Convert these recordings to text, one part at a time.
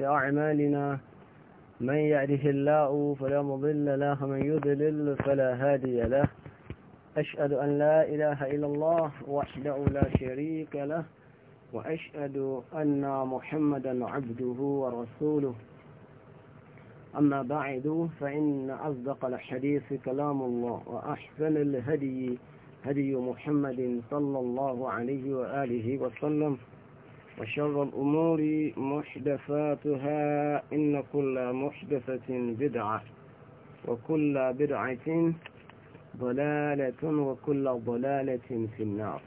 أعمالنا من يعرف الله فلا مضل له من يضلل فلا هادي له أشهد أن لا إله إلا الله وحده لا شريك له وأشهد أن محمدا عبده ورسوله أما بعد فإن أصدق الحديث كلام الله وأحسن الهدي هدي محمد صلى الله عليه وآله وسلم وشر الأمور محدثاتها إن كل محدثة بدعة وكل بدعة ضلالة وكل ضلالة في النار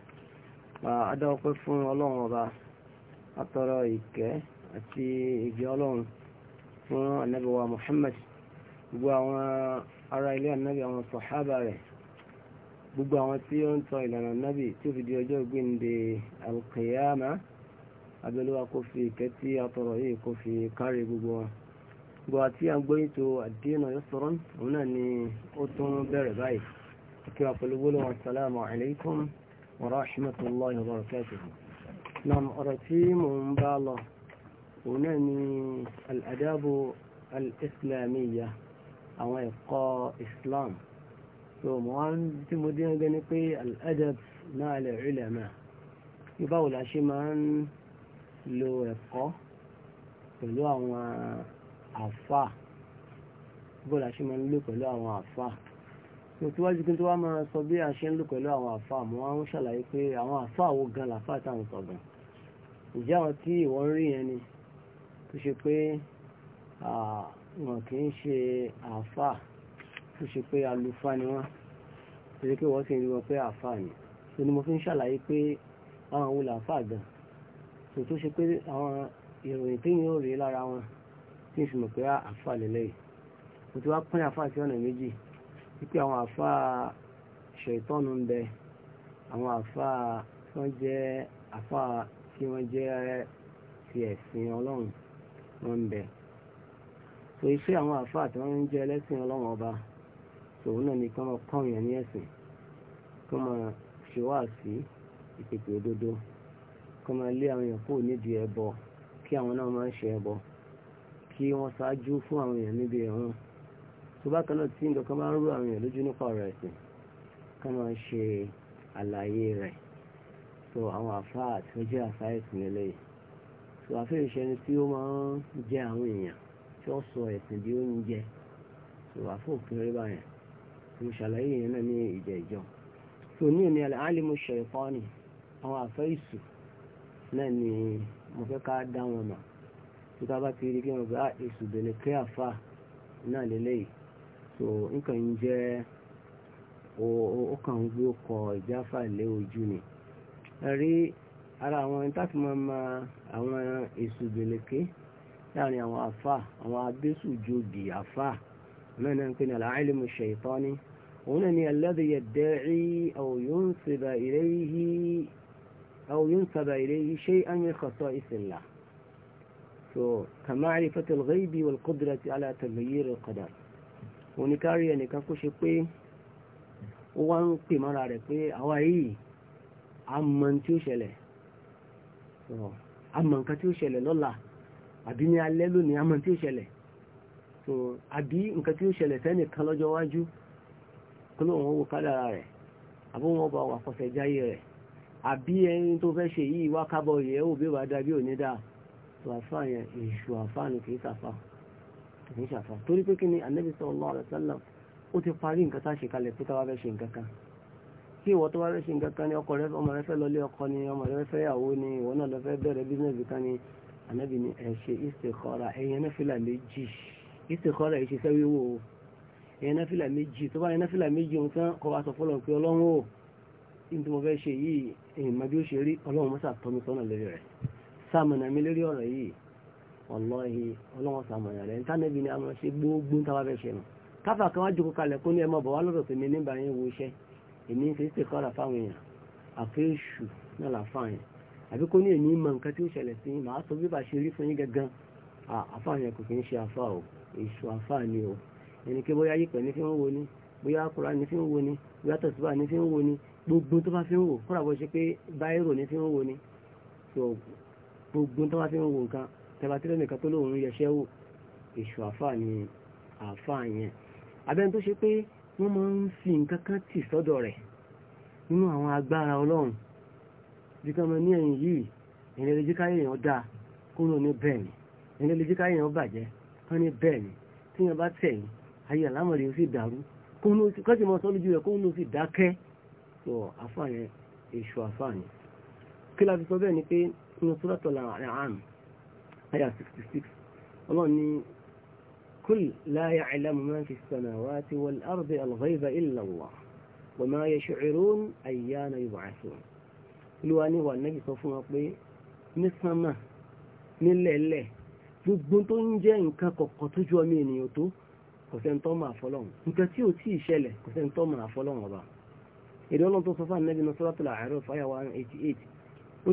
وعدا وقف الله وضع الطرائق أتي إجالون النبي محمد وأرى إليه النبي والصحابة gbogbo àwọn tí ó ń tọ ìlànà nábì tí ó fi di ọjọ́ ìgbìndé alkiyama abẹ́lúwa kó fi ìkẹ́ tí a tọrọ yìí kó fi kárí gbogbo wa gbogbo àti àgbóyìntò àdínà yusran òun náà ni ó tún bẹ̀rẹ̀ báyìí kí wà pẹ̀lú gbólóhùn assalamu alaikum wa rahmatullahi wa barakatuhu nam ọ̀rọ̀ tí mò ń bá lọ òun náà ni al-adabu àwọn ẹ̀kọ́ islam so mo wá tí mo dín gẹ́ni pé al náà al-ulama báwo lo ẹ̀kọ́ pẹ̀lú àwọn àfà bọ́ọ̀lù a ṣe máa ń lò pẹ̀lú àwọn àfà mo tí wájú kí n tó wá máa sọ bí a ṣe ń lò pẹ̀lú àwọn àfà mo wá ń ṣàlàyé pé àwọn àfà wo gan làfà táwọn sọ gan ǹjẹ́ àwọn tí ìwọ ń rí yẹn ni tó ṣe pé wọn kì í ṣe àfà tó ṣe pé alufa ni wọn tó ṣe pé wọ́n sì ń rí wọn pé àfà ni tó ni mo fi ń ṣàlàyé pé àwọn wo làfà gan tó tó ṣe pé àwọn ìròyìn tí yóò rí lára wọn tí ìsìn mọ̀ pé ah, àfa lélẹ̀ yìí mo ti wá pín àfa sí ọ̀nà méjì wípé àwọn àfa ṣètọ́nu ń bẹ àwọn àfa tí wọ́n jẹ́ àfa tí wọ́n jẹ́ ti ẹ̀sìn ọlọ́run wọn ń bẹ so iṣẹ́ àwọn àfa tí wọ́n ń jẹ́ ẹlẹ́sìn ọlọ́run ọba tòun náà ni kí wọ́n kọ́ ìyẹn ní ẹ̀sìn kí wọ́n máa ṣe wáàsí ìpèpè òdodo kọ́ máa lé àwọn èèyàn kúrò nídìí ẹbọ kí àwọn náà máa ṣe ẹbọ kí wọ́n ṣáájú fún àwọn èèyàn níbi ẹ̀rùn tó bá kan náà tí nǹkan kan máa ń rú àwọn èèyàn lójú nípa ọ̀rọ̀ ẹ̀sìn ká máa ṣe àlàyé rẹ̀ so àwọn àfáà tí ó jẹ́ àfáà ẹ̀sìn eléyìí so àfẹ́ ìṣẹ́ni tí ó máa ń jẹ àwọn èèyàn tí ó sọ ẹ̀sìn bí oúnjẹ so àfẹ́ òkèrè báyẹn mo ṣàlàyé yẹn náà ní ìjẹ́ ìjọ so ní ìní alimu ṣẹ̀fọ́nì àwọn àfẹ́ ìsù náà ni mo fẹ́ ká dá wọn mà tí ká bá ti rí kí gbá èsù bẹ̀rẹ̀ kí àfà náà lélẹ́yìí so nǹkan ń jẹ́ ó kàn ń gbé ọkọ̀ ìjáfà lé ojú ni rí ara àwọn táàtì máa ma àwọn èsù bẹ̀rẹ̀ kí láàrin àwọn àfà àwọn abésùjòbì àfà náà náà ń pè ní al òun náà ni أو ينسب إليه شيئا من خصائص الله so, كمعرفة الغيب والقدرة على تغيير القدر oníkárí ẹnìkan kó ṣe pé ó wá ń pè mọ́ra rẹ̀ pé àwa yìí àmọ́ tí ó ṣẹlẹ̀ àmọ́ nǹkan tí ó ṣẹlẹ̀ lọ́la àbí ní alẹ́ lónìí àmọ́ tí ó ṣẹlẹ̀ so àbí nǹkan tí ó ṣẹlẹ̀ sẹ́nìkan lọ́jọ́ wájú kó lóun ó wo kádàrà rẹ̀ àbí wọn bá wà kọsẹ̀ jáyé rẹ̀ àbí ẹni tó fẹ́ ṣe yìí wá kábọ̀ yẹ ó bí wàá dàbí òní dà tó àfà yẹn èṣù àfà ni kì í ṣàfà kì torí pé kí ni anabi sallallahu alaihi wasallam ó ti parí nǹkan tá a ṣe kalẹ̀ pé táwa fẹ́ ṣe nǹkan kan kí ìwọ tó wá fẹ́ ṣe nǹkan kan ni ọkọ rẹ ọmọ rẹ fẹ́ lọlé ọkọ ni ọmọ rẹ fẹ́ yàwó ni ìwọ náà lọ fẹ́ bẹ̀rẹ̀ bísíǹsì kan ni anabi ni ẹ ṣe istikhara ẹ̀yẹn náfìlà méjì méjì tó nítorí mo fẹ́ ṣe yìí èèmọ̀ bí ó ṣe rí ọlọ́run mọ́sà tọ́mi sọ́nà lérí rẹ̀ sàmọ̀nà mi lérí ọ̀rọ̀ yìí ọlọ́hi ọlọ́run sàmọ̀nà rẹ̀ ntánẹ́bí ni a máa ṣe gbogbo táwa fẹ́ ṣe nù káfà kan wá jókòó kalẹ̀ kó ní ẹ máa bọ̀ wá lọ́dọ̀ tèmi nígbà yẹn wo iṣẹ́ èmi ń ṣe é ṣèkọ́ra fáwọn èèyàn àfẹ́ṣù náà làfààyàn àbí kó ní èmi mọ nǹkan tí ó ṣẹlẹ̀ sí màá sọ bí bá ṣe rí fún yín gangan àfààyàn kò kì í ṣe àfà o èṣù àfà ni o ẹni kí bóyá yípẹ̀ ní fi ń wo ni bóyá kura ní fi ń wo ni bóyá tẹ̀síwá ní fi ń wo ni gbogbo tó bá fi ń wò kúrò àbọ̀ ṣe pé báírò ní fi ń wo ni so gbogbo tó bá fi ń wo nǹkan tẹ̀bátẹ́lẹ̀ nìkan tó lóun yẹṣẹ́ wò èṣù àfà ni àfà yẹn abẹ́ni tó ṣe pé wọ́n máa ń fi nǹkan kan tì sọ́dọ̀ rẹ̀ nínú àwọn agbára ọlọ́run bí kan mọ ní ẹ̀yìn yìí ẹ̀yìn lè jíká èèyàn dáa kúrò ní bẹ́ẹ̀ ni ẹ̀yìn lè jíká èèyàn bàjẹ́ kán ní bẹ́ẹ̀ ni tí yẹn bá tẹ̀yìn ayé àlámọ̀lẹ́ ó sì dàrú kóhun ó sì kọ́sì mọ́ sọ lójú rẹ̀ kóhun ó sì dákẹ́ tó àfààní èṣù àfààní kí la fi sọ bẹ́ẹ̀ ni pé inú suratul An'am àyà 66 ọlọ́run ní kul la ya'lamu man fi samawati wal ardi al-ghayba illa Allah wa ma yash'urun ayyana yub'athun olúwa kò sẹ́ni tó máa fọlọ́hún nǹkan tí ò tí ì ṣẹlẹ̀ kò sẹ́ni tó máa fọlọ́hún ọba èdè ọlọ́run tó sọ fún anabi ní suratul A'raf fáyà one eighty eight ó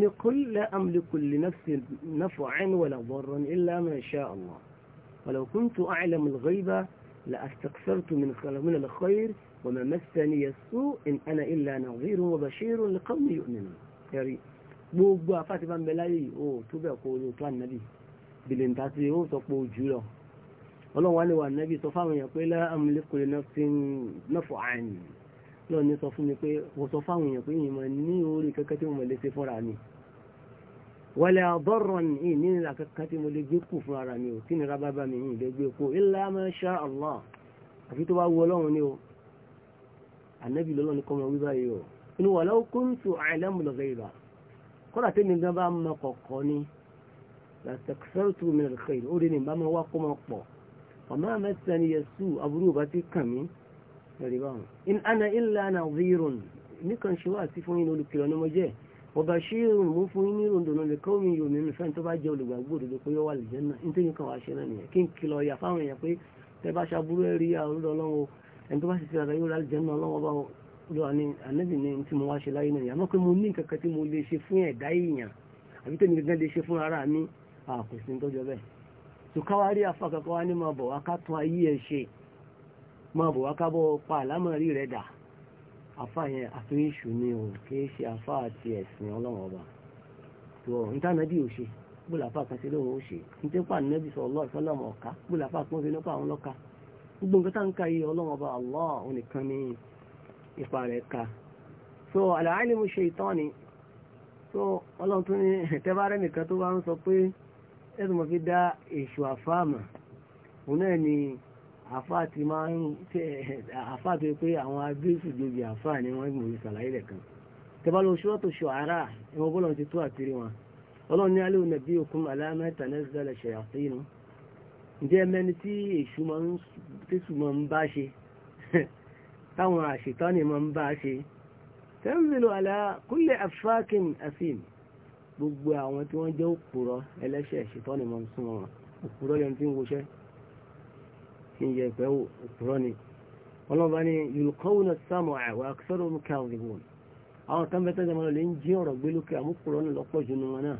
ní qul gbogbo afáàtì bá ń bẹ láyé yìí tó bẹ́ẹ̀ kó o tó ànábì bìlìntàsí ó sọ pé ojú lọ ọlọ́run wálé wà nẹ́bí sọ fáwọn èèyàn pé la amliku li nafsin naf'an lọ́ọ̀ ní sọ fún mi pé wọ́n sọ fáwọn èèyàn pé ìyìnbọn ní orí kẹ́kẹ́ tí mo lè ṣe fúnra mi wala darran ní ní ìlà kẹ́kẹ́ tí mo lè gbé kù fún ara mi ò tí nira bá bá mi yìí lè gbé kù illa ma Allah àfi tó bá wu ọlọ́run ni o ànẹ́bí lọ́lọ́ni kọ́ mọ wíwá yìí o inú walau ó rí ni bá ọmọ mẹ́sàn-án yẹ sùn aburú bá ti kàn mí ẹ̀rí báwọn. in ana illa nadhirun nìkan ṣe wá sí fún yín olùkìlọ̀ ni mo jẹ́ ọba ṣírun mú fún yín ní ròndòdò lè kọ́ mi yòó nínú fẹ́ni tó bá jẹ́ olùgbàgbọ́ òdodo pé yóò wà lè jẹ́ náà nítorí kan wá ṣe náà nìyẹn kí n kìlọ̀ ọ̀yà fáwọn èèyàn pé tẹ bá ṣàbúrú ẹ̀ rí àrùdọ̀ ọlọ́wọ́ ẹni tó bá ṣe tìrara yóò rálẹ̀ jẹ́ náà ọlọ́wọ́ bá lọ ní ànábì ní tí mo wá ṣe láyé náà àmọ́ pé mo ní kankan tí mo lè ṣe fún ẹ̀dá èèyàn àbí tẹ́mi gangan lè ṣe fún ara mi àkùsí ń tọ́jọ́ bẹ́ẹ̀ tó káwárí afákankan wá ní máa bọ̀ wá ká tún ayé ẹ̀ ṣe máa bọ̀ wá ká bọ́ pa àlámọ̀rí rẹ̀ dà afá yẹn àfihàn ni o kì í ṣe afá àti ẹ̀sìn ọlọ́run ọba tó ntànàbí ò ṣe bóòlù afá kan sí lóun ó ṣe ntẹ́pà nẹ́bí sọ ọlọ́run sọlọ́mọ ọ̀ka so ọlọ́run tún ní tẹ́bárẹ́ nìkan tó bá ń sọ pé ẹ̀rù mọ̀ fi dá èṣù àfáàmà òun náà ni àfáà ti máa ń tẹ àfáà tó yẹ pé àwọn abéṣù jòjì àfáà ni wọ́n mọ̀ ìsàlàyé lẹ̀kan tẹ́bá lọ ṣọ́ tó ṣọ ara ẹ̀wọ̀n bọ́lọ̀ ti tó àtìrí wọn ọlọ́run ní alẹ́ ònà bí òkun aláàmẹ́ta náà zẹ́lẹ̀ ṣẹ̀yàfẹ́ inú ǹjẹ́ mẹ́ni tí èṣù máa ń tẹ́sù máa ń bá ṣe táwọn àṣetánì máa ń bá ṣe tẹ́ńzìlò àlá kúlẹ̀ afákin asim gbogbo àwọn tí wọ́n jẹ́ òpùrọ̀ ẹlẹ́ṣẹ̀ ṣètọ́ ni mo ń sún wọn òpùrọ̀ lẹ́nu tí ń woṣẹ́ ń yẹ ìpẹ́ wò òpùrọ̀ ni ọlọ́ba ni yulqawna as-sam'a wa aktharuhum kadhibun àwọn kan bẹ́tẹ̀ jẹ́ mọ́lẹ̀ ń jí ọ̀rọ̀ gbé lókè àmúkùrọ̀ ní lọ́pọ̀ jù nù wọn náà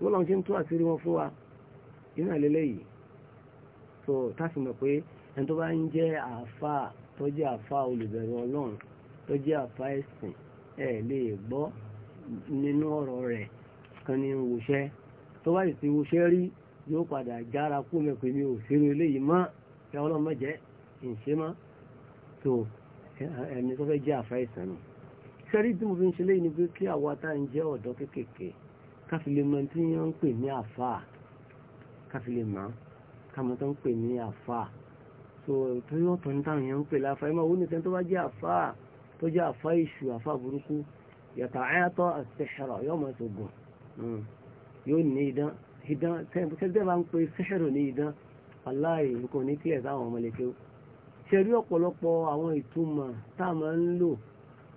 wọ́n lọ́n ṣe ń tú àṣírí wọn fún wa iná lélẹ̀ yìí so táàsì mọ̀ pé ẹni tó bá ń jẹ́ àáfà tó jẹ́ àáfà olùbẹ̀rù ọlọ́run tó jẹ́ àáfà ẹ̀sìn ẹ̀ lè gbọ́ nínú ọ̀rọ̀ rẹ̀ kan ní wòṣẹ́ tó bá sì wòṣẹ́ rí yóò padà jára kú mẹ́pẹ́ mi ò sírò eléyìí mọ́ ẹ ọlọ́mọ jẹ́ ìṣe mọ́ tó ẹni tó fẹ́ jẹ́ àfẹ́ ìsànù sẹ́rí tí mo fi ń ṣe léyìí ni pé kí àwa tá ń jẹ́ ọ̀dọ́ kéékèèké káfílẹ̀ mọ́ tí wọ́n ń pè ní àfà káfílẹ̀ mọ́ kámọ́ tó ń pè ní àfà tó tó yọ̀ tó ń táwọn yẹn ń pè láfà ẹ̀ máa wọ́n nìkan tó bá jẹ́ àfà tó jẹ́ àfà ìṣù àfà burúkú yàtọ̀ àyàtọ̀ àṣẹṣẹrọ yóò máa ṣògùn yóò ní idán idán tẹ́lẹ̀ bá ń pe ṣẹṣẹrọ ní idán aláì nǹkan ní kílẹ̀ sáwọn ọmọlẹ́kẹ́ ṣe rí ọ̀pọ̀lọpọ̀ àwọn ìtumọ̀ tá a máa ń lò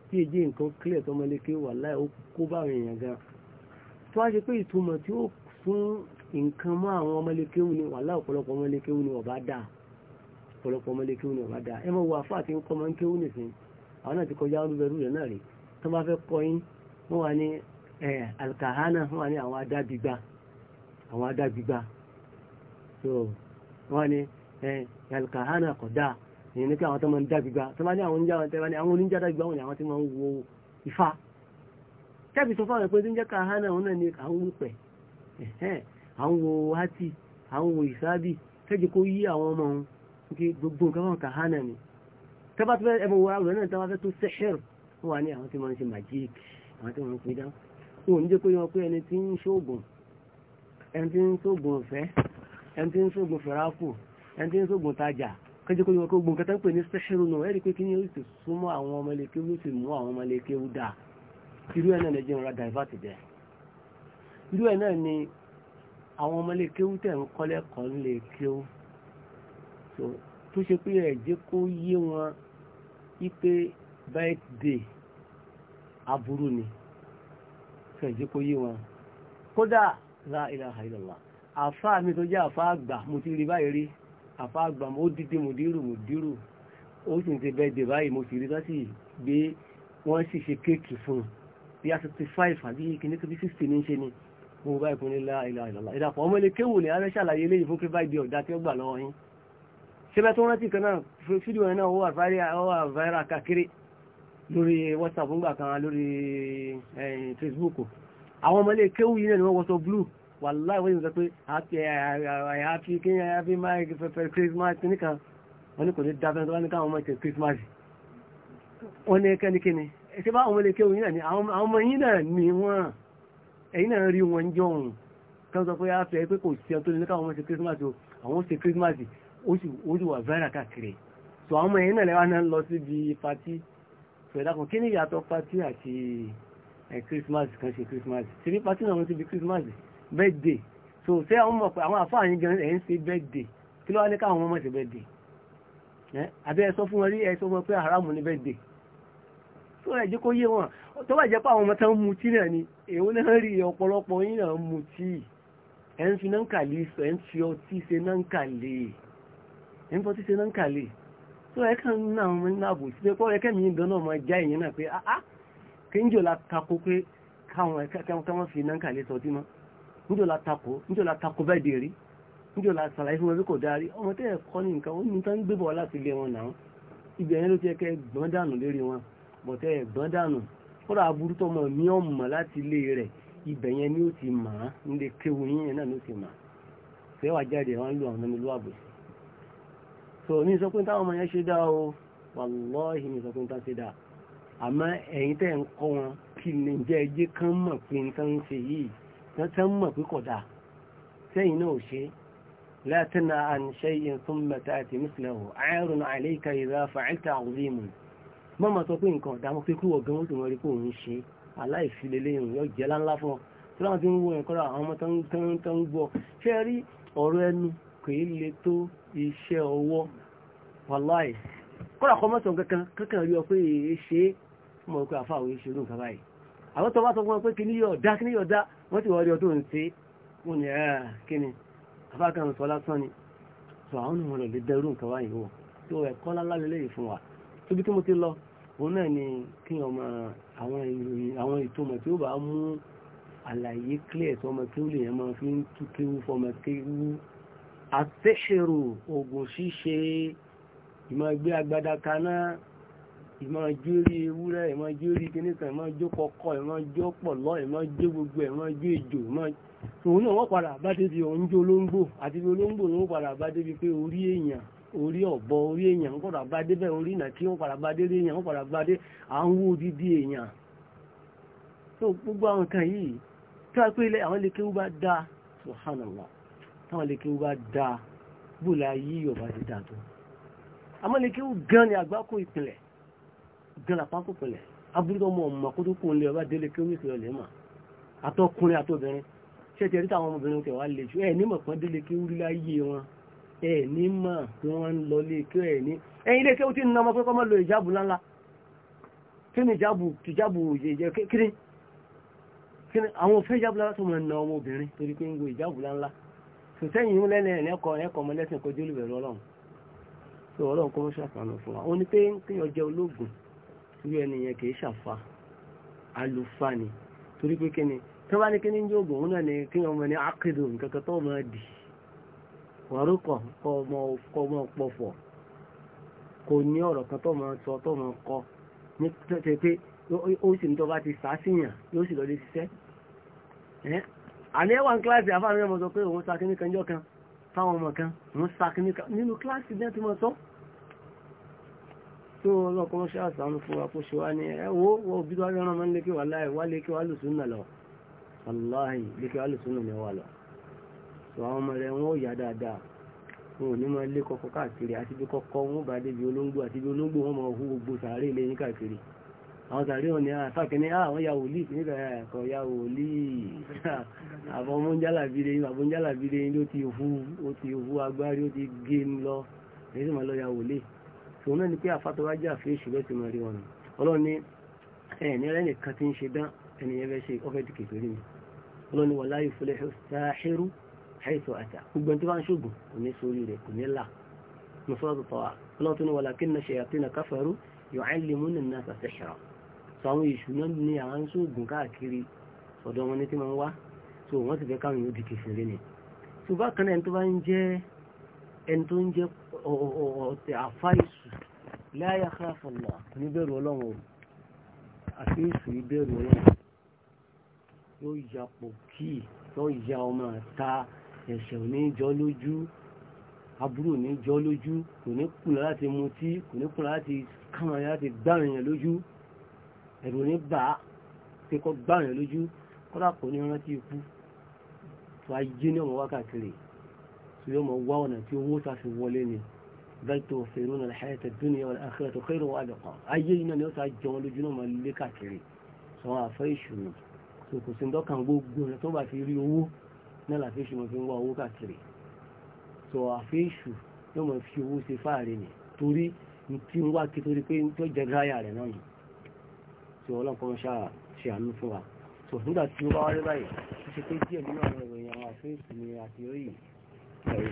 tí èjì nǹkan kílẹ̀ tọmọlẹ́kẹ́ wà láì ó kó báwọn èèyàn gan tó wá ṣe pé ìtumọ̀ tí ó fún nǹkan mọ́ àwọn ọmọlẹ́kẹ́ ni wà láì ọ̀pọ̀lọpọ̀ ọmọlẹ́kẹ́ ni ni ọ̀bá àwọn náà ti kọjá olúbẹ̀rù rẹ̀ náà rèé tó bá fẹ́ kọ́ yín wọ́n wà ní alkahana wọ́n wà ní àwọn adágbígbá àwọn adágbígbá so wọ́n ní alkahana kọ̀dá èyí ní kí àwọn tó máa ń dágbígbá tó bá ní àwọn oníjà wọn tẹ́ bá ní àwọn oníjà dágbígbá wọn ni àwọn tí máa ń wo ifá kẹ́bì sọ fáwọn ẹ̀pẹ́ tó ń jẹ́ kahana wọn náà ni à ń wò pẹ̀ à ń wo hati à ń wo ìsáàbì kẹ́jì kó yí àwọn ọmọ wọn gbogbo nǹkan wọn kahana ni tẹ́ bá tó fẹ́ ẹ̀mọ̀ wọ́n àwọn wọ́n wà ní àwọn tí wọ́n ń ṣe magic àwọn tí wọ́n ń pidán wọn ò ní jẹ́ pé wọ́n pé ẹni tí ń ṣoògùn ẹni tí ń ṣoògùn ọ̀fẹ́ ẹni tí ń ṣoògùn fẹ́ráàkù ẹni tí ń ṣoògùn tajà kẹjọ pé wọ́n kó gbọ́n kẹta ń pè ní sẹ́ṣẹ́rù náà ẹ̀rí pé kí ni ó sì súnmọ́ àwọn ọmọlẹ́kẹ́ ó sì mú àwọn ọmọlẹ́kẹ́ ó dáa irú ẹ̀ náà lè jẹ́ ìrora divert jẹ́ irú ẹ̀ náà ni àwọn ọmọlẹ́kẹ́ ó tẹ̀ ń kọ́lẹ́kọ̀ọ́ ńlẹ́kẹ́ ó tó ṣe pé ẹ̀jẹ̀ kó yé wọn wípé birthday aburú ni fẹ̀jẹ́ kó yé wọn kódà la ilaha illallah àfá mi tó jẹ́ àfá àgbà mo ti rí báyìí rí àfá àgbà mo dìde mo dírù mo dírù ó sì ń ti birthday báyìí mo sì rí láti gbé wọ́n sì ṣe kéèkì fún un bí a sixty five àbí kìíní kìíní sixty ní ṣe ni mo bá ìpín nílá ilá ìlàlá ìdàpọ̀ ọmọ ilé kéwù ní arẹ́ ṣàlàyé léyìn fún kíbá ibi ọ̀dá tí ó gbà lọ́wọ́ yín ṣẹlẹ̀ tó rántí kan náà fídíò yẹn náà ó wà viral káàkiri lórí whatsapp ńgbà kan lórí facebook àwọn ọmọ ilé kéwù yìí náà ni wọ́n wọ́sọ blue wàláì wọ́n yìí sọ pé happy kí ni happy my christmas nìkan wọ́n ní kò ní dábẹ́ tó bá ní káwọn ọmọ ìtẹ̀ christmas wọ́n ní kẹ́nikẹ́ni ṣé bá àwọn kéwù yìí náà ni àwọn ọmọ yìí náà ni wọ́n ẹ̀yìn náà rí wọn jọ òun kan sọ pé a fẹ́ pé kò sí ọtọ́ ní káwọn ọmọ ṣe christmas o àwọn ṣe christmas ó sì wà so àwọn ọmọ yìí náà party ṣẹ̀dákùn kí ni ìyàtọ̀ pati àti Christmas kan ṣe Christmas ṣe ní pati náà wọ́n ti bí Christmas birthday so ṣé àwọn ọmọ pé àwọn àfáà yín gan ẹ̀ ń ṣe birthday kí ló wá ní káwọn ọmọ ṣe birthday ẹ àbí ẹ sọ fún wọn rí ẹ sọ fún wọn pé haramu ni birthday tó rẹ̀ jẹ́ kó yé wọn tó bá jẹ́ pé àwọn ọmọ tán mu tí náà ni èwo náà rí ọ̀pọ̀lọpọ̀ yín náà mu tí ẹ̀ ń fi náà ń kàlè sọ ń fi ọtí ṣe náà ń kàlè ẹ̀ ń fọtí ṣe náà ń kàlè tó ẹ kàn ń ná ọmọ ní ààbò sí pé pọ́ ẹkẹ́ mi ń dáná ọmọ ẹja ìyẹn náà pé áá ah, ah. kí níjò la tako pé káwọn káwọn fi iná kàlẹ́ sọ sí mọ́ níjò la tako níjò la tako bẹ́ẹ̀ dè rí níjò la sàlàyé fún wọn bí kò dárí ọmọ tẹ́ ẹ̀ kọ́ ní nǹkan ó ní tán gbé bọ̀ láti lé wọn náà ibẹ̀ yẹn ló ti ẹkẹ́ gbọ́n dànù lérí wọn bọ̀tẹ́ ẹ̀ gbọ́n dànù kódà aburú tó mọ̀ ní ọmọ láti lé rẹ̀ ibẹ̀ yẹn ni ó ti mà á nílé kéwu yín yẹn náà ló ti mà fẹ́ wàá jáde wọn lu àwọn ọmọ ìlú àbòsí so ní ìsọpín táwọn ọmọ yẹn ṣe dá o wàlọ́ọ̀hì ní ìsọpín tá ṣe dá àmọ́ ẹ̀yin tẹ́ ń kọ́ wọn kí ni jẹ́ ẹjẹ́ kan mọ̀ pé nǹkan ń ṣe yìí tán mọ̀ pé kódà sẹ́yìn náà ò ṣe لا تنهى عن شيء ثم تأتي مثله عار عليك إذا فعلت عظيم ما ما تقول nǹkan da mo pe ku ogan o tun rí ko ń ṣe aláìfilele yun yo jẹ́ la ńlá fún tí wọ́n tin wo en ko àwọn mo tan tan gbọ́ ṣe rí ọ̀rọ̀ ẹnu kò í le tó iṣẹ́ ọwọ́ wàláì kọ́ra kọ́ mọ́sàn kankan kankan rí ọ pé èé e ṣe é mọ̀ pé àfa àwọn ìṣòro nǹkan báyìí bá sọ pé kí ni dá kí ni dá wọ́n ti wọ́n rí ọdún ṣe wọ́n ní ẹ̀ ah, kí ni kan sọ lásán ni sọ àwọn ọmọ rẹ̀ lè dẹrù nǹkan báyìí wọ̀ tí ó ẹ̀kọ́ lálá lélẹ́yìí fún wa tóbi tí mo ti lọ òun náà ni kí ọmọ àwọn ìròyìn àwọn ìtumọ̀ tí ó bá mú àlàyé clear sọmọ kéwù lè yẹn máa fi ń tú kéwù fọmọ kéwù àtẹ́ṣẹ̀rò ogun ṣíṣe ìmọ̀ gbé agbada kaná ìmọ̀ jórí ewúrẹ́ ìmọ̀ jórí kìnnìkan ìmọ̀ jó kọ̀kọ̀ ìmọ̀ jó pọ̀lọ́ ìmọ̀ jó gbogbo ìmọ̀ jó ejò ìmọ̀ òun náà wọ́n padà bá débi òun jó olóńgbò àti bí olóńgbò ni wọ́n padà bá débi pé orí èèyàn orí ọ̀bọ orí èèyàn wọ́n padà bá débẹ̀ orí ìnà kí wọ́n padà bá dé èèyàn wọ́n padà bá dé à ń wó dídí èèyàn tó gbogbo àwọn kan yìí tó wá pé àwọn ilé kéwú bá dáa subhanallah táwọn lè kí ó bá dáa bó la yí Yorùbá ti dáa tó àmọ́ lè kí ó gan ni àgbákò ìpìlẹ̀ gan làpákò ìpìlẹ̀ abúlé ọmọ ọmọ kó tó kún un lé ọba délé kí ó ní ìpìlẹ̀ lè mà àtọkùnrin àtọbìnrin ṣé ti ẹ̀rí táwọn ọmọbìnrin kẹwàá lè ju ẹ̀ nímọ̀ kan délé kí ó rí láyé wọn ẹ̀ nímọ̀ pé wọ́n ń lọ lé kí ẹ̀ ní ẹ̀yin lè kí ó ti nà ọmọ pé kọ́ mọ́ lo ìjáàbù ńláńlá kí ni ìjáàbù ń na ọmọbìnrin torí sòtẹ́yìn ń lẹ́nu ẹ̀ lẹ́kọ̀ọ́ ẹ̀kọ́ ọmọ lẹ́sìn kojú olùbẹ̀rù ọlọ́run tó ọlọ́run kó ṣàfàánù fún wa ó ní pé kéèyàn jẹ́ ológun irú ẹnìyẹn kì í ṣàfà àlùfáà ni torí pé kíni tó bá ní kíni ń jẹ́ òun náà ni kéèyàn ọmọ ní akédo nǹkan kan tó máa dì wàrúkọ kọ ọmọ pọ̀fọ̀ kò ní ọ̀rọ̀ kan tó máa sọ tó máa kọ ní tẹ́tẹ́ pé ó sì ní tó bá ti sàásìyàn yóò sì lọ àní ẹwà ń kíláàsì àfáàní ọmọ sọ pé òun sa kíní kanjọ́ kan fáwọn ọmọ kan òun sa kíní kan nínú kíláàsì bí wọ́n ti mọ̀ sọ. tó ọlọ́kọ́ ṣe àṣàánú fún wa kó ṣe wá ní ẹ wo wọ òbí tó wá rán ọmọ lékè wà láì wá lékè wà lùsùn náà lọ aláì lékè wà lùsùn náà wà lọ. tó àwọn ọmọ rẹ wọn ò yá dáadáa wọn ò ní máa lé kọkọ káàkiri àti bí kọkọ wọn bá débi olóńgbò àti bí àwọn tàrí òní àfáàkì ní ah, àwọn ya wòlíì ní ẹ̀kọ́ ya wòlíì àbọ̀mọ́jálàbíre àbọ̀mọ́jálàbíre ló ti hu ó ti hu agbárí ó ti gé ń e lọ èyí sì máa lọ ya wòlíì tòun náà ni pé àfátọ́wájà fi èṣù bẹ́ẹ̀ ti máa rí wọn ọlọ́run ní ẹ̀ eh, ní ẹlẹ́nì kan ti ń ṣe dán ẹni yẹn fẹ́ ṣe ọfẹ́ di kékeré ni ọlọ́run ní wala yuflihu sahiru haythu ata gbogbo ẹni tó bá ṣògùn kò ní sórí rẹ̀ kò ní là nusratu ta'a ọlọ́run tó ní walakinna shayatina kafaru yu'allimuna an-nasa sihra so àwọn èṣù náà ní àwọn sóògùn káàkiri ọ̀dọ̀ wọn ní tí wọ́n wá so wọ́n sì fẹ́ káwọn yóò di kìsìn lé ni so bákan náà ẹni tó bá ń jẹ́ ẹni tó ń jẹ́ ọ̀tẹ̀ àfá èṣù láyà káfọ̀lá oníbẹ̀rù ọlọ́run àti èṣù ìbẹ̀rù ọlọ́run yóò ya pọ̀ kí yóò ya ọmọ àta ẹ̀ṣẹ̀ oníjọ́ lójú aburú oníjọ́ lójú ẹ̀rù ní bá pé kọ́ gbáyàn lójú kọ́lá kò ní rántí ikú tó ayé ní ọmọ wákàkiri tó yọ mọ̀ wá ọ̀nà tí owó ta fi wọlé ni bẹ́ẹ̀ tó fèrè náà hayata dunya wal akhirata khairun wa abqa ayé yìí náà ni ó ta jọ wọn lójú náà mọ̀ lé káàkiri sọ wọn àfẹ́ ìṣùnà tó kò sí dọ́kàn gbogbo rẹ̀ tó bá fi rí owó náà làfẹ́ ìṣù fi ń wá owó káàkiri sọ àfẹ́ ìṣù yóò mọ̀ fi owó ṣe fáàrin ni torí ti ń wá kí torí pé tó jẹ gráyà rẹ̀ náà tó ọlọ́pọ̀ ṣe àánú fún wa tó nígbà tí ó bá wáyé báyìí ṣe pé díẹ̀ nínú àwọn ìròyìn àwọn àfẹ́ẹ̀sì ni àti orí ẹ̀rọ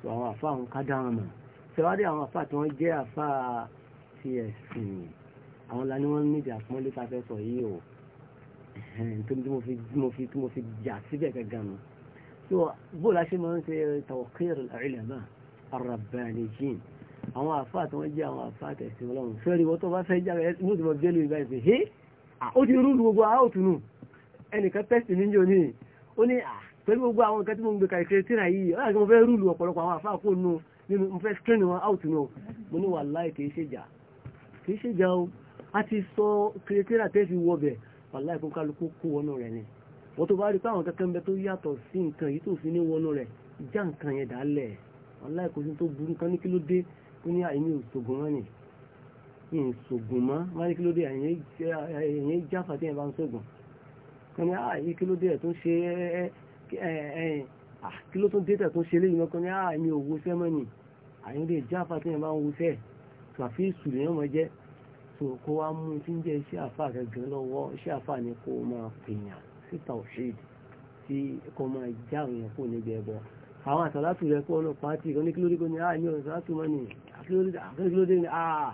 tó àwọn àfa àwọn kádà wọn mọ̀ tẹwádé àwọn àfa tí wọ́n jẹ́ àfa ti ẹ̀sìn àwọn la ni níbi àpọ́nlé tá fẹ́ sọ yìí o tó ní tí mo fi jà síbẹ̀ gangan nù bó la ṣe máa ń ṣe tawqir al-ulama ar àwọn àfa àti wọn jẹ àwọn àfa àtẹsìn Ọlọ́run fẹẹrí wọn tó bá fẹẹ jáde ní òtún bá bẹẹlú ìgbà ìfẹ hé ó ti rúlu gbogbo àwọn òtún nù ẹnìkan tẹsí níjọ ní ó ní pẹ̀lú gbogbo àwọn nǹkan tí mo ń gbé kàìkiri tíra yìí ọlọ́run àti mo fẹ́ rúlu ọ̀pọ̀lọpọ̀ àwọn àfa àkó nù nínú mo fẹ́ screen wọn out nù mo ní wàláì kì í ṣèjà kì í ṣèjà o a ti sọ kìrìtìrà tẹ́sí wọbẹ̀ wàláì fún kálukú kó wọnú rẹ̀ ni wọ́n tó bá rí káwọn kankan bẹ tó ó ní àìní òṣogùn mọ́ ni kí n ṣògùn mọ́ wọ́n ní kí ló dé àìyẹn jáfà tí ẹ̀ bá ń ṣògùn kan ní àìyí kí ló dé ẹ̀ tó ń ṣe kí ló tó dé tẹ̀ tó ń ṣe léyìn mọ́ kan ní àìní òwò sẹ́ mọ́ ni àìyẹn dé jáfà tí ẹ̀ bá ń wo sẹ́ tàfi ìṣùlẹ̀ yẹn mọ́ jẹ́ tó kó wá mú tí ń jẹ́ iṣẹ́ àfà gẹ́gẹ́ lọ́wọ́ iṣẹ́ àfà ni kó máa pèèyàn síta òṣèlú tí kò máa já òyìn kó níbi ẹ̀bọ àwọn àtàlátù rẹ̀ kó ọlọ́pàá ti ìkànnì kí ló dé kó ní àìní ọ̀sán àkílódé ni àà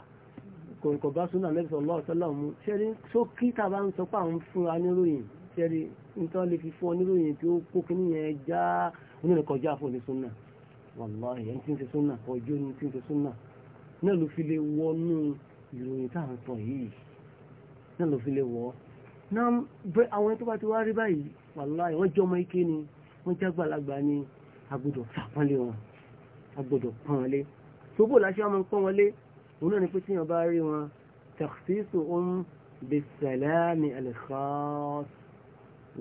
kò bá súnà nẹ́bí sọ̀rọ̀ lọ́wọ́ sọ́lọ́ mu ṣẹ́rí tó kí tàbá ń sọ pé àwọn fún wa níròyìn ṣẹ́rí nítorí lè fi fún ọ níròyìn tí ó kó kíní yẹn já onírìn kọjá fún ní súnà wàláhì ẹni tí ń ṣe súnà ọjọ́ ni tí ń ṣe súnà náà ló fi lè wọnú ìròyìn tá à ń sọ yìí náà ló fi lè wọ́ tóbò láṣẹ ọmọ nǹkan wọlé òun náà ni pé tíyàn bá rí wọn tẹ̀síṣù ń um bisalami alkhas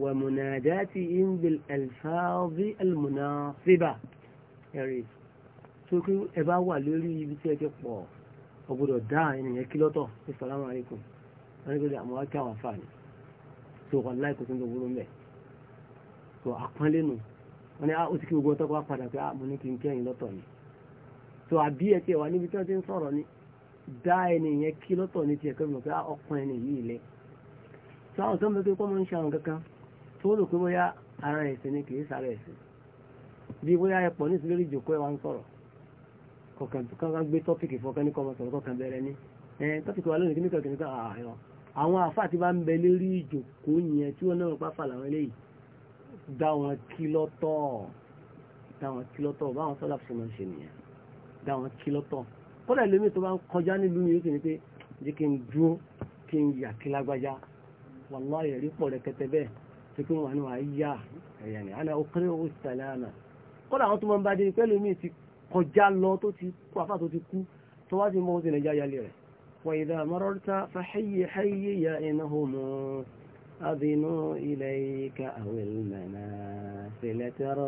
wa munadati in bil alfazi almunasiba ẹ̀rí tó kí ẹ bá wà lórí ibi tí ẹ ti pọ̀ ọgbọ́dọ̀ dá ènìyàn kí lọ́tọ̀ ní salamu alaikum wọn ni pé àwọn aká wà fà ní tó wà láì kò tó ń gbogbo mẹ́ tó àpọ́nlẹ́nu wọn ni ah, ó ti kí gbogbo ọtọ́ pa padà pé a ah, mo ní kí n kẹ́yìn lọ́tọ̀ ni. so àbí ẹ tiẹ̀ wà níbi tí wọ́n ti ń sọ̀rọ̀ ni dá ẹni yẹn kí lọ́tọ̀ ní tiẹ̀ kẹ́mi pé ah, ọkùnrin ẹni yìí lẹ̀ so àwọn tó ń bẹ pé kọ́mọ ń ṣe àwọn kankan tó pé bóyá ara esi ni sára bí bóyá ẹ pọ̀ ní ìsìlérí ìjòkó ẹ ń kankan gbé fọkàn ní ni wà lónìí kí ní ah, àwọn dá wọn kí lọ́tọ̀ kódà lèmi tó bá ń kọjá nílùú mi yóò sì ní pé jẹ́ kí n dúró kí n yà kí lágbájá wàláyé rí pọ̀ rẹ̀kẹtẹ bẹ́ẹ̀ tí kí wọ́n wà yá ẹ̀yà ni àná ọkùnrin owó sàlámà kódà àwọn tó máa ń bá dé pẹ́lú mi ti kọjá lọ tó ti kú afá tó ti kú tó wá sí mọ́wọ́sí nàìjíríà yálé rẹ̀ wọ́n ìdá mararta fàáyé háyé ya iná homo adínú ilẹ̀ ika àwẹ̀lẹ̀ náà sẹ̀lẹ̀ tẹ́rọ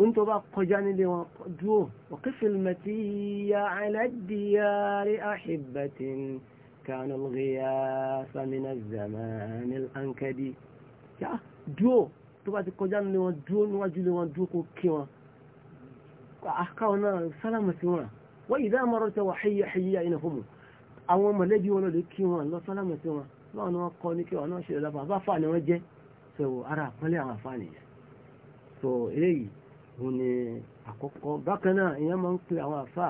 ń tó bá kọjá nílé wọn dúró ọ̀kẹ́fìlmẹ̀tì ya aládìyàrí àṣìbẹ̀tìn kanulgiya samina zamanil ankadi ya dúró tó bá ti kọjá nílé wọn dúró níwájú lé wọn dúró kó kí wọn àkáwọn náà sálámù sí wọn wọ́n ìdá àmọ́rọ̀ tẹwà híyà híyà iná fún mu àwọn mọ̀lẹ́bí wọn lọ́dẹ kí wọn lọ sálámù sí wọn báwọn ni wọ́n kọ́ ní kí wọn náà ṣe lọ́pàá bá fà ni wọ́n jẹ́ sọ ara àpọ́nlé àwọn àfáà nìyẹn so eléyìí òun ni àkọ́kọ́ bákan náà èèyàn máa ń pe àwọn àfà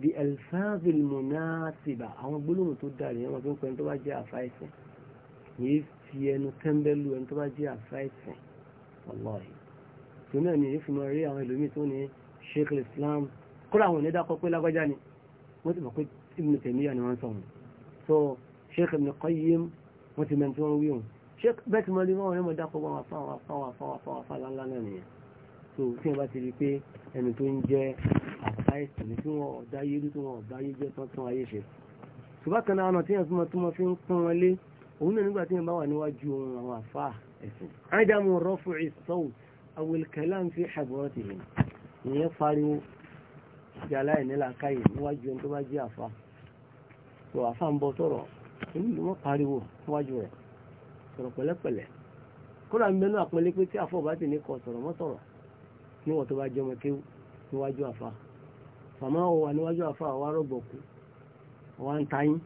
bí elfazil munasiba àwọn gbólóhùn tó dára èèyàn máa fi ń pe ẹni tó bá jẹ́ àfà ẹ̀sìn yìí fi ẹnu tẹ́ńbẹ́lú ẹni tó bá jẹ́ àfà ẹ̀sìn ọlọ́ọ̀yì tó náà ni èyí fi máa rí àwọn ẹlòmíì tó ní sheikh islam kúrò àwọn onídàkọ pé lágbájá ni wọ́n ti mọ̀ pé ibn taymiya ni wọ́n sọ wọn so sheikh ibn qayyim wọ́n ti mẹ́ni tí wọ́n wí wọn sheikh bẹ́ẹ̀ ti mọ́ lé wọn ọ̀rẹ́ mọ̀ dákọ̀ wọn àfáwọn àfáwọn àfáwọn àfáwọn àfáwọn so tí wọ́n bá ti rí pé ẹni tó ń jẹ́ àkáìsì ní tí wọ́n ọ̀dá yé rí tí wọ́n ọ̀dá yé jẹ́ tán tán ayé ṣe ṣùgbọ́n kan náà tí wọ́n tún mọ́ fi ń pọ́n wọn lé òun náà nígbà tí wọ́n bá wà níwájú ohun àwọn àfa ẹ̀sìn ádámù rọ́fù ìsọ́wù awolkẹ́lá ń fi ṣàbọ̀rọ̀ tì rìn ìyẹn pariwo yàrá ẹ̀ nílà káyè níwájú ẹni tó bá jẹ́ àfa tó àfa ń bọ sọ̀rọ̀ èmi ni wọ́n pariwo níwájú rẹ̀ sọ̀rọ̀ pẹ̀lẹ́pẹ̀lẹ́ kódà n'ụwa tó bá jẹ́ ọmọ kéwù níwájú àfa màmá ò wà níwájú àfa àwa rọ̀gbọ̀kú ń tayín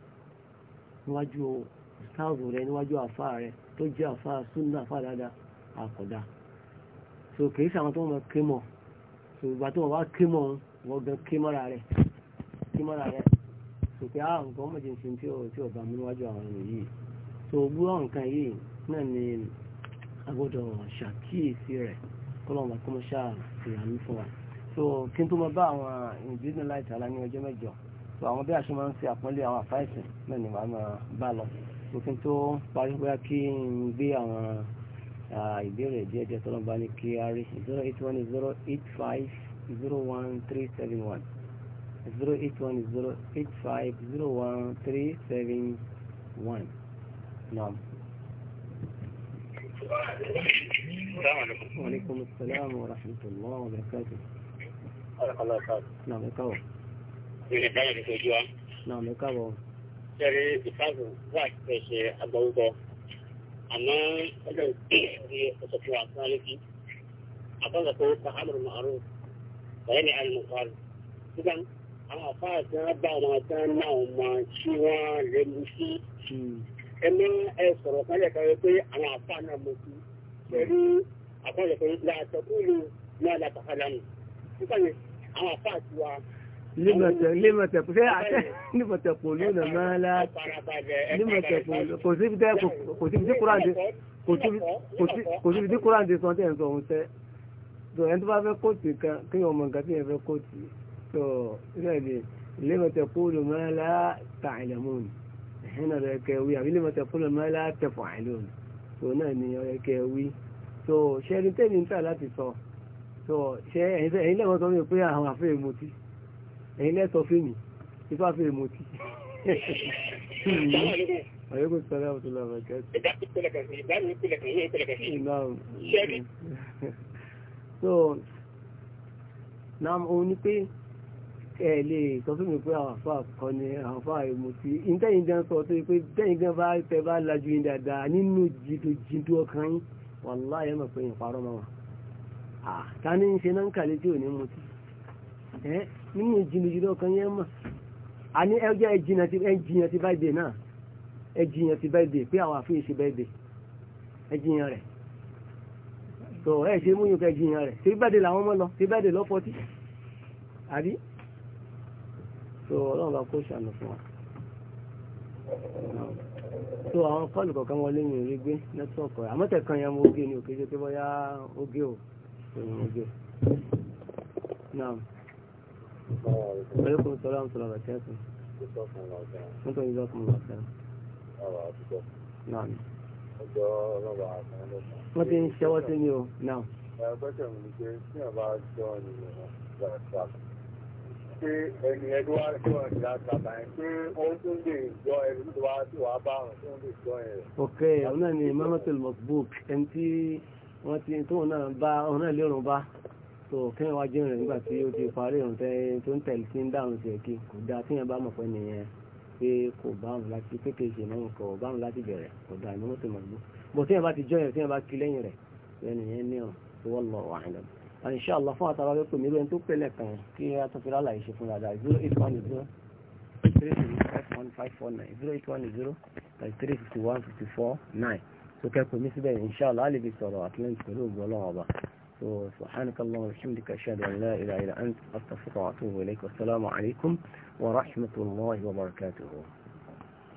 níwájú rẹ níwájú àfa rẹ tó jẹ́ àfa súnú àfa so kìí sàwọn tó wọn ké so ìgbà tó wọn bá ké wọn gan ké mọ́ra rẹ ké mọ́ra rẹ so pé ah nǹkan tí mú níwájú àwọn yìí so gbúrọ̀ nǹkan yìí náà ni agbọ́dọ̀ kọ́lọ̀ wọn kó mo ṣáà fún wa so kí n tó mọ bá àwọn ìbílẹ̀ láì tààlà ní ọjọ́ mẹ́jọ so àwọn bí àṣẹ máa ń ṣe àpọ́nlé àwọn àfáìsìn náà ni màá máa bá lọ so kí n tó parí bóyá kí n gbé àwọn ìbéèrè díẹ̀ díẹ̀ tọ́lọ́ bá ní kí a rí zero eight one zero eight five zero one three seven one zero eight one zero eight five zero one three seven one. Naam. السلام عليكم وعليكم السلام ورحمة الله وبركاته ọ̀rẹ́kọ̀ lọ́ọ̀kọ̀ náà mẹ́kọ̀ọ́ ìrìn dáyẹ̀ ní ojú wa náà mẹ́kọ̀ọ́ ṣẹ́rí ìfáàgùn wà ṣe ṣe agbọ́rúkọ àmọ́ ọjọ́ ìdí ọ̀sọ̀ fún wa fún alẹ́kí àbọ̀sọ̀ tó kọ àmọ̀ màrún bẹ̀rẹ̀ ní àlùmọ̀ fáàrù nígbà àwọn àfáà tí wọ́n bá wọn tán náà wọn tí wọ́n lè mú sí ẹ má ẹ sọ̀rọ̀ kálẹ̀ kan pé àwọn àfa náà mo kú pẹ̀lú àkọọ́lẹ̀ pé làásọ̀ kú ló ní alàkàkà lánàá nípa yẹn àwọn àfa àti wa. límọ̀tẹ̀ kò sí àtẹ límọ̀tẹ̀ kò ló nà máa la límọ̀tẹ̀ kò ló kò tẹ́ kò síbi tí kúrò àǹdí kò síbi tí kúrò àǹdí sọ́n ń sọ òun tẹ́ tó ẹni tó bá fẹ́ kóòtù kan kí wọ́n mọ̀ nǹkan tí yẹn fẹ́ kóòtù tó ilé límọ̀tẹ̀ kò ló máa la tàìlẹ̀mọ́nù hínà rẹ̀ kẹ wí àbí lèmọ̀ tẹ̀ fúnlẹ̀ mọ́ láàtẹ̀ fún àìlò tó náà ni ọ̀rẹ́ kẹ wí tó ṣe ẹni tẹ́ni ń tà láti sọ tó ṣe ẹ̀yin lẹ́wọ̀n sọ fún mi pé àwọn àfẹ́ èmọ̀tí ẹ̀yin lẹ́sọ fún mi ipá fẹ́ èmọ̀tí. Àyẹ́kùn sọ́lá ọ̀tún lọ́wọ́ kẹ́sì. Ìdáàbò ẹ lè sọ fún mi pé àwọn àfáà kan ni àwọn àfáà ìmùtí ìtẹ́yìn gan sọ tó yẹ pé tẹ́yìn gan bá tẹ bá lajú yín dáadáa nínú jìdójìdó ọkàn yín wàláhì ẹ mọ̀ pé yín parọ́ máa wà. ta ni ń ṣe náà ń kàlẹ́ tí ò ní mutí ẹ nínú jìdójìdó ọkàn yín ẹ mọ̀ àní ẹjọ́ ẹjìyàn ti ẹjìyàn ti báyìí dè náà ẹjìyàn ti báyìí dè pé àwọn àfihàn ṣe báyìí dè ẹjìyàn rẹ̀ tó ẹ ṣe múyùn kẹjìyàn rẹ̀ ṣe báyìí dè làwọn ọmọ lọ ṣe báyìí dè lọ́fọ́tì so ọlọ́run bá kó ṣàánú fún wa so àwọn kọ́ọ̀lù kọ̀ọ̀kan wọlé mi rí gbé nẹ́tíwọ̀kì ọ̀rẹ́ yẹn mo gé ni òkè jẹ́ pé bóyá o èèyàn mo gé naam ẹlẹ́kùn sọ̀rọ̀ àwọn sọ̀rọ̀ àti ẹ̀sìn nítorí ìjọ kan lọ sẹ́yìn. wọ́n ti ń ṣẹ́wọ́ sí mi o naam. ẹgbẹ́ tẹ̀wọ̀n ni pé tí jọ pé ẹni ẹdún wá tó ọ̀rọ̀ ìlà bàbá yẹn pé ó tún lè jọ ẹni tó wá tó wá bá ọ̀rọ̀ tó lè jọ ẹ̀. ok òun náà ni mamatul makbuk ẹni tí wọ́n ti tóun náà bá òun náà lérun bá tó kéèyàn wá jẹun rẹ̀ nígbà tí ó ti parí òun tó ń tẹ̀lé sí ń dáhùn sí ẹ̀kí kò dáa téèyàn bá mọ̀ pé nìyẹn pé kò bá òun láti kékeré náà kò bá òun láti bẹ̀rẹ̀ kò dáa mamatul makbuk bó téèyàn bá ti jọ yẹn téèyàn bá kí lẹ́yìn rẹ̀ ẹni yẹn ní ọ̀ wọ́n lọ wàhálà ان شاء الله فاطر عليكم ميلو انتو بيليكم كي اتفر الله يشي فونا دا 0810 سو كاكو ميس بي ان شاء الله اللي بيصورو اتلانت بلو بلو عبا سو سبحانك الله وبحمدك اشهد ان لا اله الا انت استغفرك واتوب اليك والسلام عليكم ورحمه الله وبركاته